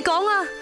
你講啊！